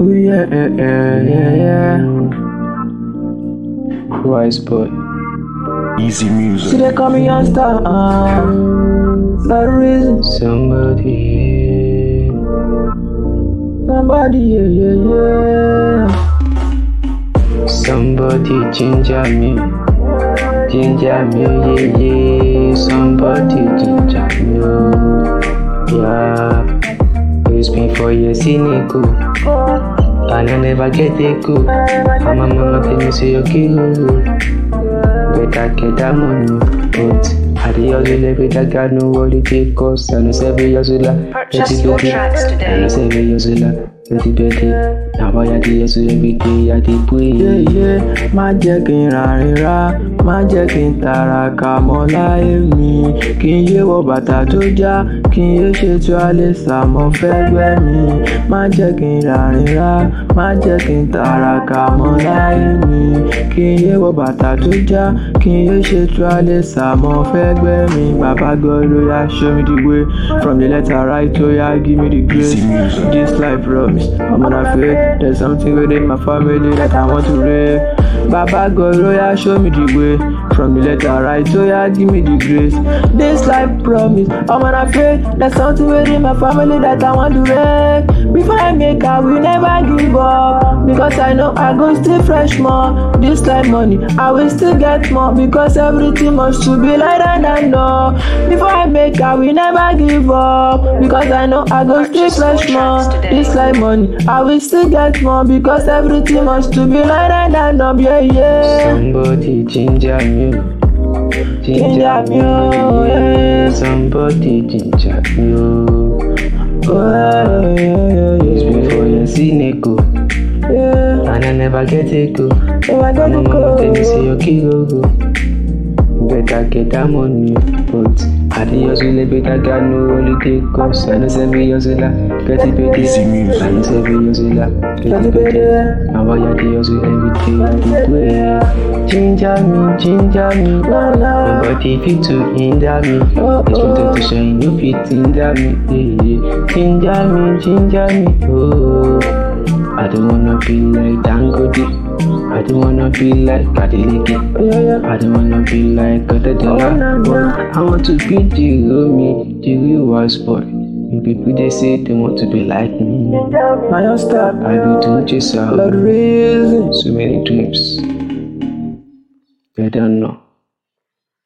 Oh yeah, yeah, yeah, yeah, yeah. Wise boy. Easy music. See they call me on star. There is Somebody. Somebody, yeah, yeah, yeah. Somebody ginger me. Ginger me, yeah, yeah. Somebody ginger me. Yeah. It's been for your cynical. Oh. I never get it good. I'm a mama, pay me see your kid. Better get that money. But I do all the live with that guy, no worry, take cost. I know seven years with that. Purchase your tracks today. I know seven years with that. Twenty twenty. Now I did yes every day, I did pray. Yeah, yeah. My jacket, I má jẹ́ kí n tàràkà mọ́ láyé mi kí n yé wọ bàtà tó já kí n yé ṣe tí a lè sàmọ́ fẹ́gbẹ́ mi má jẹ́ kí n ràrìn rá má jẹ́ kí n tàràkà mọ́ láyé mi kí n yé wọ bàtà tó já kí n yé ṣe tí a lè sàmọ́ mi bàbá God ó yá show me the way from the letter right ó yá give me the grace this life promise ọmọ náà fẹ́ there's something within my family that I want to read. Baba God, oh show me the way. From the letter right, so oh yeah, give me the grace. This life promise, I'm unafraid. There's something within my family that I want to make. Before I make, I will never give up. Because I know I go still fresh more. This life money, I will still get more. Because everything must to be lighter than know. Before I make, I will never give up. Because I know I go still fresh more. This life money, I will still get more. Because everything must to be lighter than know. yeah, yeah. Somebody ginger me. Ginger oh, me, yeah. Somebody ginger me, oh. yeah, yeah, yeah. It's before you see Neko. Yeah. And I never get a go. Never get a go. you see your kid go go. Better get that money, but. Adi yo zile beta ga no oli ke kos Ano se mi yo zila Peti peti Ano se mi yo zila Peti peti Awa ya di yo zile everything I do way Ginger me, ginger me Your body fit to hinder me Expected to shine, you fit hinder me yeah, yeah. Ginger me, ginger me Oh I don't wanna be like Dangote I don't wanna be like Adeleke. Yeah, I don't wanna be like Adadela. Oh, I want to be the Romy, the real wise boy. You people they say they want to be like me. I don't stop. I be doing just Lord reason. So many dreams. Better not.